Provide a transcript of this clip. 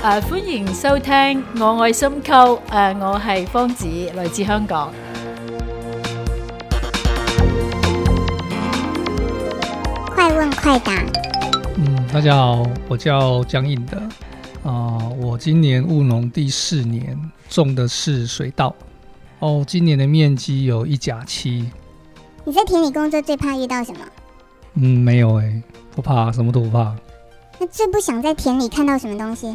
誒、啊，歡迎收聽我愛深溝。我係芳、um 啊、子，來自香港。快問快答。嗯，大家好，我叫江映德。啊，我今年務農第四年，種的是水稻。哦，今年的面積有一甲七。你在田裏工作最怕遇到什麼？嗯，沒有誒、欸，不怕，什麼都不怕。最不想在田裏看到什麼東西？